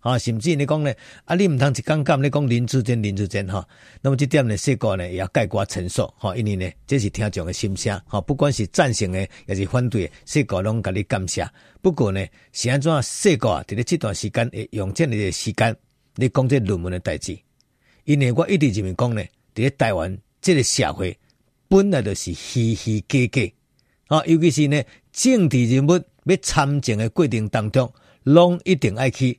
啊，甚至你講呢？啊，你唔通就剛剛你講林智堅、林智堅哈，那麼這點呢？世國呢，也要概括陳述哈，因為呢，這是聽眾的心聲哈、哦，不管是贊成的還是反對的，世國攏佮你感謝。不過呢，是安怎世國啊，佇咧這段時間，會用這樣嘅時間嚟講這論文的代志，因為我一直認為講呢，佇咧台灣，這個社會本來就是虛虛假假，啊、哦，尤其是呢，政治人物要參政的過程當中，攏一定愛去。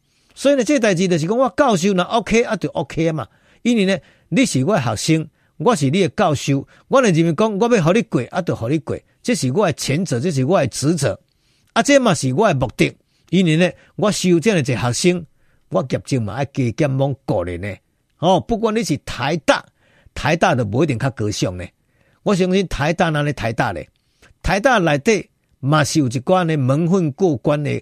所以呢，這個代志就是講我教授，那 OK，啊就 OK 啊嘛。因為呢，你是我的學生，我是你的教授，我係人民講，我要學你過，啊就學你過，這是我的前者，這是我的職責，啊，這嘛是我的目的。因為呢，我修這樣嘅一個學生，我夾精嘛，要加減蒙過人呢。哦，不管你是台大，台大都冇一定較高尚呢。我相信台大嗱你台大咧，台大內底嘛是有一關嘅蒙混過關的。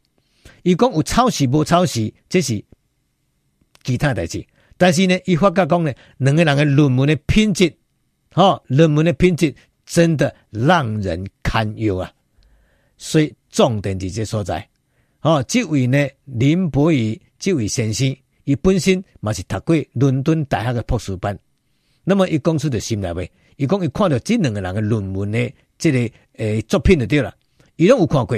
伊講有抄襲無抄襲，這是其他代誌。但是呢，伊發覺講呢，兩個人的論文的品質，哦，論文的品質真的讓人堪憂啊！所以重點就這所在。哦，這位呢，林博宇，這位先生，伊本身嘛，是讀過倫敦大學的博士班。那麼伊講出就心內面，伊講伊看到這兩個人的論文的即、這個誒作品就對了，伊攏有看過。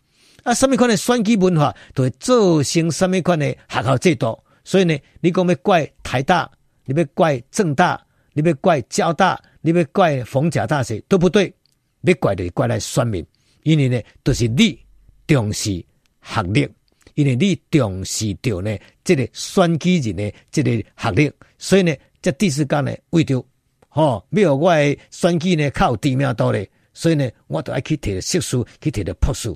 啊！什物款嘅選舉文化就會造成什物款嘅學校制度，所以呢，你講要怪台大，你要怪政大，你要怪交大，你要怪逢甲大學，都不對，要怪就是怪來選民，因為呢，都、就是你重視學歷，因為你重視着呢，即、這個選舉人呢，即個學歷，所以呢，即段時間呢，為着吼要互我嘅選舉呢，較有知名度呢，所以呢，我都要去摕着碩士，去摕着博士。